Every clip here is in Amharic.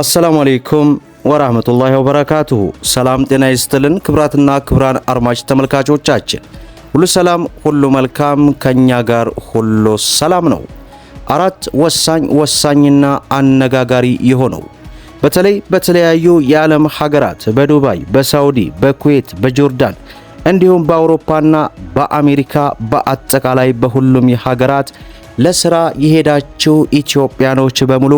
አሰላሙ አሌይኩም ወራህመቱላሂ ወበረካቱሁ። ሰላም ጤና ይስጥልን ክብራትና ክብራን አድማጭ ተመልካቾቻችን ሁሉ ሰላም ሁሉ መልካም፣ ከኛ ጋር ሁሉ ሰላም ነው። አራት ወሳኝ ወሳኝና አነጋጋሪ የሆነው በተለይ በተለያዩ የዓለም ሀገራት በዱባይ፣ በሳውዲ፣ በኩዌት፣ በጆርዳን እንዲሁም በአውሮፓና በአሜሪካ በአጠቃላይ በሁሉም የሀገራት ለስራ የሄዳችሁ ኢትዮጵያኖች በሙሉ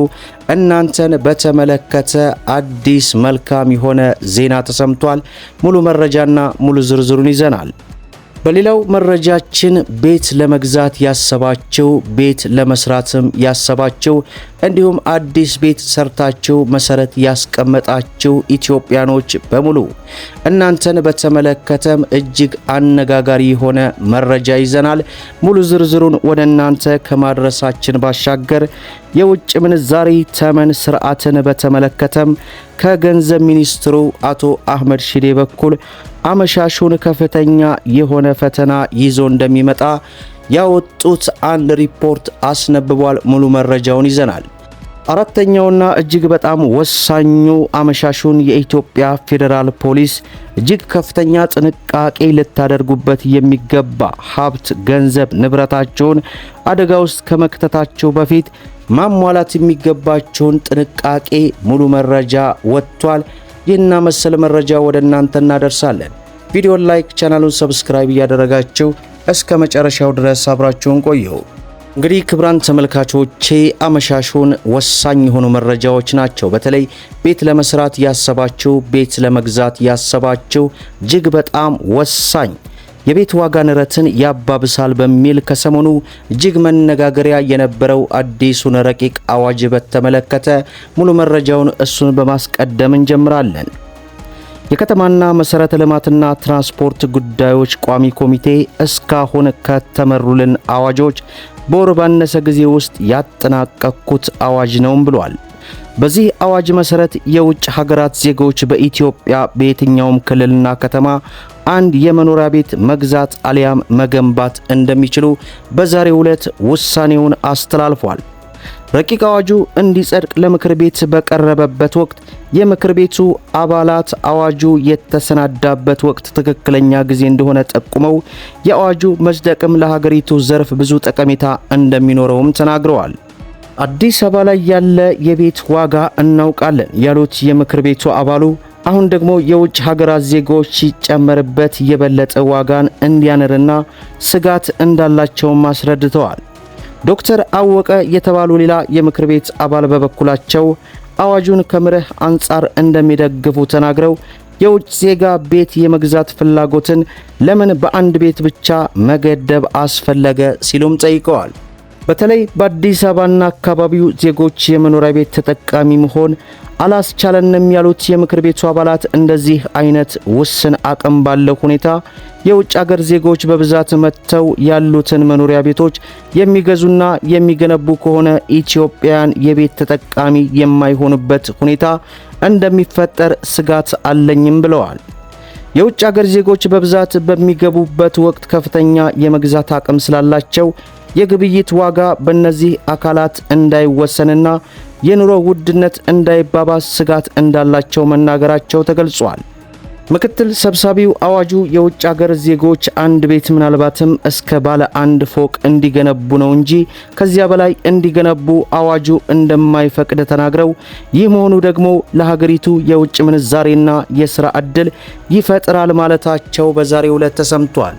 እናንተን በተመለከተ አዲስ መልካም የሆነ ዜና ተሰምቷል። ሙሉ መረጃና ሙሉ ዝርዝሩን ይዘናል። በሌላው መረጃችን ቤት ለመግዛት ያሰባችሁ፣ ቤት ለመስራትም ያሰባችሁ፣ እንዲሁም አዲስ ቤት ሰርታችሁ መሰረት ያስቀመጣቸው ኢትዮጵያኖች በሙሉ እናንተን በተመለከተም እጅግ አነጋጋሪ የሆነ መረጃ ይዘናል። ሙሉ ዝርዝሩን ወደ እናንተ ከማድረሳችን ባሻገር የውጭ ምንዛሪ ተመን ስርዓትን በተመለከተም ከገንዘብ ሚኒስትሩ አቶ አህመድ ሺዴ በኩል አመሻሹን ከፍተኛ የሆነ ፈተና ይዞ እንደሚመጣ ያወጡት አንድ ሪፖርት አስነብቧል። ሙሉ መረጃውን ይዘናል። አራተኛውና እጅግ በጣም ወሳኙ አመሻሹን የኢትዮጵያ ፌዴራል ፖሊስ እጅግ ከፍተኛ ጥንቃቄ ልታደርጉበት የሚገባ ሀብት፣ ገንዘብ፣ ንብረታቸውን አደጋ ውስጥ ከመክተታቸው በፊት ማሟላት የሚገባቸውን ጥንቃቄ ሙሉ መረጃ ወጥቷል። ይህና መሰል መረጃ ወደ እናንተ እናደርሳለን። ቪዲዮን ላይክ፣ ቻናሉን ሰብስክራይብ እያደረጋችሁ እስከ መጨረሻው ድረስ አብራችሁን ቆየው እንግዲህ ክብራን ተመልካቾቼ አመሻሹን ወሳኝ የሆኑ መረጃዎች ናቸው። በተለይ ቤት ለመስራት ያሰባችሁ፣ ቤት ለመግዛት ያሰባችሁ እጅግ በጣም ወሳኝ የቤት ዋጋ ንረትን ያባብሳል በሚል ከሰሞኑ እጅግ መነጋገሪያ የነበረው አዲሱን ረቂቅ አዋጅ በተመለከተ ሙሉ መረጃውን እሱን በማስቀደም እንጀምራለን። የከተማና መሰረተ ልማትና ትራንስፖርት ጉዳዮች ቋሚ ኮሚቴ እስካሁን ከተመሩልን አዋጆች በወር ባነሰ ጊዜ ውስጥ ያጠናቀቅኩት አዋጅ ነውም ብሏል። በዚህ አዋጅ መሰረት የውጭ ሀገራት ዜጎች በኢትዮጵያ በየትኛውም ክልልና ከተማ አንድ የመኖሪያ ቤት መግዛት አሊያም መገንባት እንደሚችሉ በዛሬው ዕለት ውሳኔውን አስተላልፏል። ረቂቅ አዋጁ እንዲጸድቅ ለምክር ቤት በቀረበበት ወቅት የምክር ቤቱ አባላት አዋጁ የተሰናዳበት ወቅት ትክክለኛ ጊዜ እንደሆነ ጠቁመው የአዋጁ መጽደቅም ለሀገሪቱ ዘርፍ ብዙ ጠቀሜታ እንደሚኖረውም ተናግረዋል። አዲስ አበባ ላይ ያለ የቤት ዋጋ እናውቃለን ያሉት የምክር ቤቱ አባሉ አሁን ደግሞ የውጭ ሀገራት ዜጎች ሲጨመርበት የበለጠ ዋጋን እንዲያንርና ስጋት እንዳላቸውም አስረድተዋል። ዶክተር አወቀ የተባሉ ሌላ የምክር ቤት አባል በበኩላቸው አዋጁን ከምርህ አንጻር እንደሚደግፉ ተናግረው የውጭ ዜጋ ቤት የመግዛት ፍላጎትን ለምን በአንድ ቤት ብቻ መገደብ አስፈለገ ሲሉም ጠይቀዋል። በተለይ በአዲስ አበባና አካባቢው ዜጎች የመኖሪያ ቤት ተጠቃሚ መሆን አላስቻለንም ያሉት የምክር ቤቱ አባላት እንደዚህ አይነት ውስን አቅም ባለው ሁኔታ የውጭ አገር ዜጎች በብዛት መጥተው ያሉትን መኖሪያ ቤቶች የሚገዙና የሚገነቡ ከሆነ ኢትዮጵያን የቤት ተጠቃሚ የማይሆኑበት ሁኔታ እንደሚፈጠር ስጋት አለኝም ብለዋል። የውጭ አገር ዜጎች በብዛት በሚገቡበት ወቅት ከፍተኛ የመግዛት አቅም ስላላቸው የግብይት ዋጋ በእነዚህ አካላት እንዳይወሰንና የኑሮ ውድነት እንዳይባባስ ስጋት እንዳላቸው መናገራቸው ተገልጿል። ምክትል ሰብሳቢው አዋጁ የውጭ አገር ዜጎች አንድ ቤት ምናልባትም እስከ ባለ አንድ ፎቅ እንዲገነቡ ነው እንጂ ከዚያ በላይ እንዲገነቡ አዋጁ እንደማይፈቅድ ተናግረው ይህ መሆኑ ደግሞ ለሀገሪቱ የውጭ ምንዛሬና የሥራ ዕድል ይፈጥራል ማለታቸው በዛሬው ዕለት ተሰምቷል።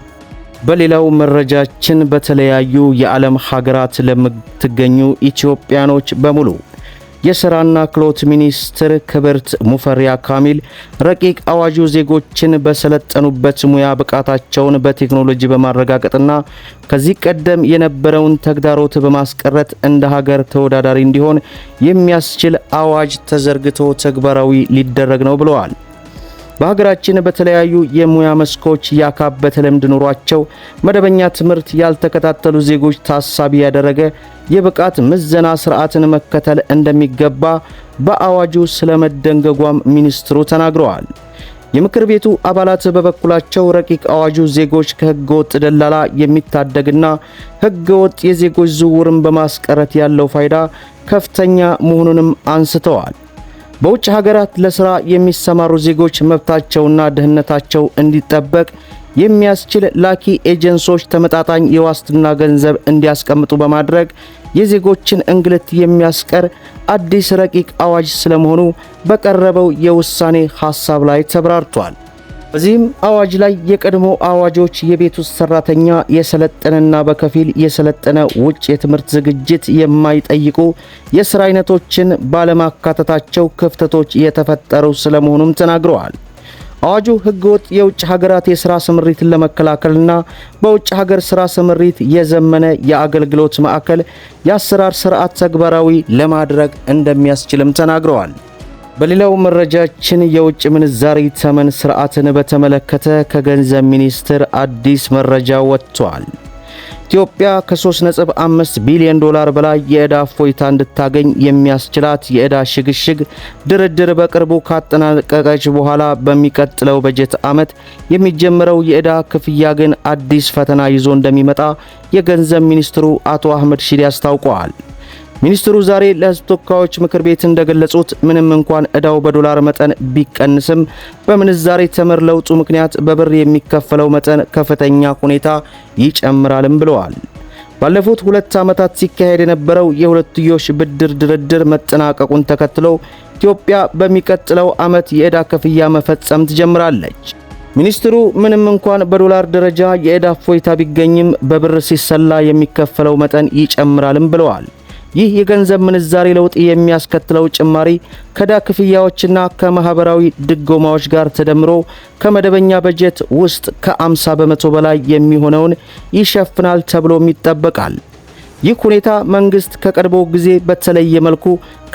በሌላው መረጃችን በተለያዩ የዓለም ሀገራት ለምትገኙ ኢትዮጵያኖች በሙሉ የሥራና ክህሎት ሚኒስትር ክብርት ሙፈሪያ ካሚል ረቂቅ አዋጁ ዜጎችን በሰለጠኑበት ሙያ ብቃታቸውን በቴክኖሎጂ በማረጋገጥና ከዚህ ቀደም የነበረውን ተግዳሮት በማስቀረት እንደ ሀገር ተወዳዳሪ እንዲሆን የሚያስችል አዋጅ ተዘርግቶ ተግባራዊ ሊደረግ ነው ብለዋል። በሀገራችን በተለያዩ የሙያ መስኮች ያካበተ ልምድ ኖሯቸው መደበኛ ትምህርት ያልተከታተሉ ዜጎች ታሳቢ ያደረገ የብቃት ምዘና ስርዓትን መከተል እንደሚገባ በአዋጁ ስለመደንገጓም ሚኒስትሩ ተናግረዋል። የምክር ቤቱ አባላት በበኩላቸው ረቂቅ አዋጁ ዜጎች ከህገወጥ ደላላ የሚታደግና ህገወጥ የዜጎች ዝውውርን በማስቀረት ያለው ፋይዳ ከፍተኛ መሆኑንም አንስተዋል። በውጭ ሀገራት ለስራ የሚሰማሩ ዜጎች መብታቸውና ደህንነታቸው እንዲጠበቅ የሚያስችል ላኪ ኤጀንሶች ተመጣጣኝ የዋስትና ገንዘብ እንዲያስቀምጡ በማድረግ የዜጎችን እንግልት የሚያስቀር አዲስ ረቂቅ አዋጅ ስለመሆኑ በቀረበው የውሳኔ ሐሳብ ላይ ተብራርቷል። በዚህም አዋጅ ላይ የቀድሞ አዋጆች የቤት ውስጥ ሰራተኛ የሰለጠነና በከፊል የሰለጠነ ውጭ የትምህርት ዝግጅት የማይጠይቁ የስራ አይነቶችን ባለማካተታቸው ክፍተቶች የተፈጠሩ ስለመሆኑም ተናግረዋል። አዋጁ ህገወጥ የውጭ ሀገራት የስራ ስምሪትን ለመከላከልና በውጭ ሀገር ስራ ስምሪት የዘመነ የአገልግሎት ማዕከል የአሰራር ስርዓት ተግባራዊ ለማድረግ እንደሚያስችልም ተናግረዋል። በሌላው መረጃችን የውጭ ምንዛሪ ተመን ስርዓትን በተመለከተ ከገንዘብ ሚኒስቴር አዲስ መረጃ ወጥቷል። ኢትዮጵያ ከ3.5 ቢሊዮን ዶላር በላይ የዕዳ እፎይታ እንድታገኝ የሚያስችላት የዕዳ ሽግሽግ ድርድር በቅርቡ ካጠናቀቀች በኋላ በሚቀጥለው በጀት ዓመት የሚጀምረው የዕዳ ክፍያ ግን አዲስ ፈተና ይዞ እንደሚመጣ የገንዘብ ሚኒስትሩ አቶ አህመድ ሺዴ አስታውቀዋል። ሚኒስትሩ ዛሬ ለህዝብ ተወካዮች ምክር ቤት እንደገለጹት ምንም እንኳን እዳው በዶላር መጠን ቢቀንስም በምንዛሬ ተመር ለውጡ ምክንያት በብር የሚከፈለው መጠን ከፍተኛ ሁኔታ ይጨምራልም ብለዋል። ባለፉት ሁለት ዓመታት ሲካሄድ የነበረው የሁለትዮሽ ብድር ድርድር መጠናቀቁን ተከትሎ ኢትዮጵያ በሚቀጥለው ዓመት የዕዳ ክፍያ መፈጸም ትጀምራለች። ሚኒስትሩ ምንም እንኳን በዶላር ደረጃ የዕዳ እፎይታ ቢገኝም በብር ሲሰላ የሚከፈለው መጠን ይጨምራልም ብለዋል። ይህ የገንዘብ ምንዛሬ ለውጥ የሚያስከትለው ጭማሪ ከዕዳ ክፍያዎችና ከማህበራዊ ድጎማዎች ጋር ተደምሮ ከመደበኛ በጀት ውስጥ ከ50 በመቶ በላይ የሚሆነውን ይሸፍናል ተብሎም ይጠበቃል። ይህ ሁኔታ መንግስት ከቀድሞ ጊዜ በተለየ መልኩ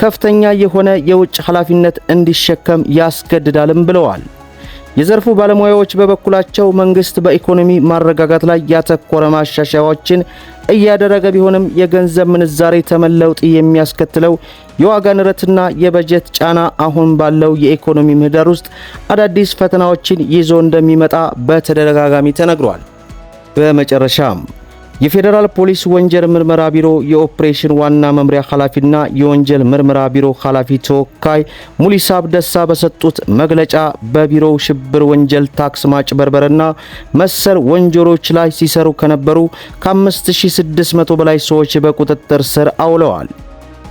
ከፍተኛ የሆነ የውጭ ኃላፊነት እንዲሸከም ያስገድዳልም ብለዋል። የዘርፉ ባለሙያዎች በበኩላቸው መንግስት በኢኮኖሚ ማረጋጋት ላይ ያተኮረ ማሻሻያዎችን እያደረገ ቢሆንም የገንዘብ ምንዛሬ ተመለውጥ የሚያስከትለው የዋጋ ንረትና የበጀት ጫና አሁን ባለው የኢኮኖሚ ምህዳር ውስጥ አዳዲስ ፈተናዎችን ይዞ እንደሚመጣ በተደጋጋሚ ተነግሯል። በመጨረሻም የፌዴራል ፖሊስ ወንጀል ምርመራ ቢሮ የኦፕሬሽን ዋና መምሪያ ኃላፊና የወንጀል ምርመራ ቢሮ ኃላፊ ተወካይ ሙሊሳብ ደሳ በሰጡት መግለጫ በቢሮው ሽብር ወንጀል፣ ታክስ ማጭበርበርና መሰል ወንጀሎች ላይ ሲሰሩ ከነበሩ ከ5600 በላይ ሰዎች በቁጥጥር ስር አውለዋል።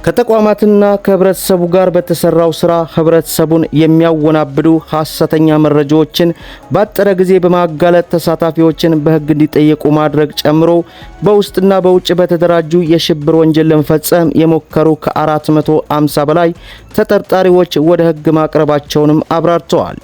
ከተቋማትና ከህብረተሰቡ ጋር በተሰራው ስራ ህብረተሰቡን የሚያወናብዱ ሐሰተኛ መረጃዎችን ባጠረ ጊዜ በማጋለጥ ተሳታፊዎችን በህግ እንዲጠየቁ ማድረግ ጨምሮ በውስጥና በውጭ በተደራጁ የሽብር ወንጀል ለመፈጸም የሞከሩ ከ450 በላይ ተጠርጣሪዎች ወደ ህግ ማቅረባቸውንም አብራርተዋል።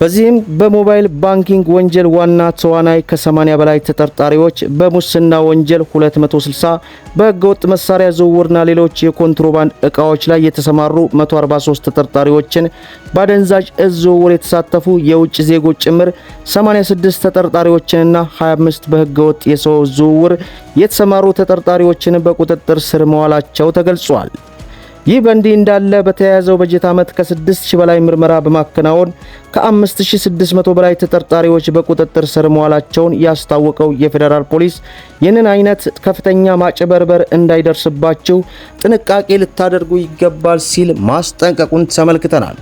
በዚህም በሞባይል ባንኪንግ ወንጀል ዋና ተዋናይ ከ80 በላይ ተጠርጣሪዎች፣ በሙስና ወንጀል 260፣ በህገወጥ መሳሪያ ዝውውርና ሌሎች የኮንትሮባንድ እቃዎች ላይ የተሰማሩ 143 ተጠርጣሪዎችን፣ በአደንዛዥ እጽ ዝውውር የተሳተፉ የውጭ ዜጎች ጭምር 86 ተጠርጣሪዎችንና 25 በህገወጥ የሰው ዝውውር የተሰማሩ ተጠርጣሪዎችን በቁጥጥር ስር መዋላቸው ተገልጿል። ይህ በእንዲህ እንዳለ በተያያዘው በጀት ዓመት ከ6000 በላይ ምርመራ በማከናወን ከ5600 በላይ ተጠርጣሪዎች በቁጥጥር ስር መዋላቸውን ያስታወቀው የፌዴራል ፖሊስ ይህንን አይነት ከፍተኛ ማጭበርበር እንዳይደርስባቸው ጥንቃቄ ልታደርጉ ይገባል ሲል ማስጠንቀቁን ተመልክተናል።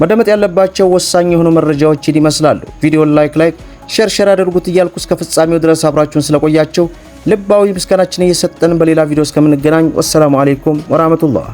መደመጥ ያለባቸው ወሳኝ የሆኑ መረጃዎች ይመስላሉ። ቪዲዮን ላይክ ላይክ ሼር ሼር አድርጉት እያልኩ እስከ ፍጻሜው ድረስ አብራችሁን ስለቆያችሁ ልባዊ ምስጋናችን እየሰጠን በሌላ ቪዲዮ እስከምንገናኝ ወሰላሙ አሌይኩም ወራህመቱላህ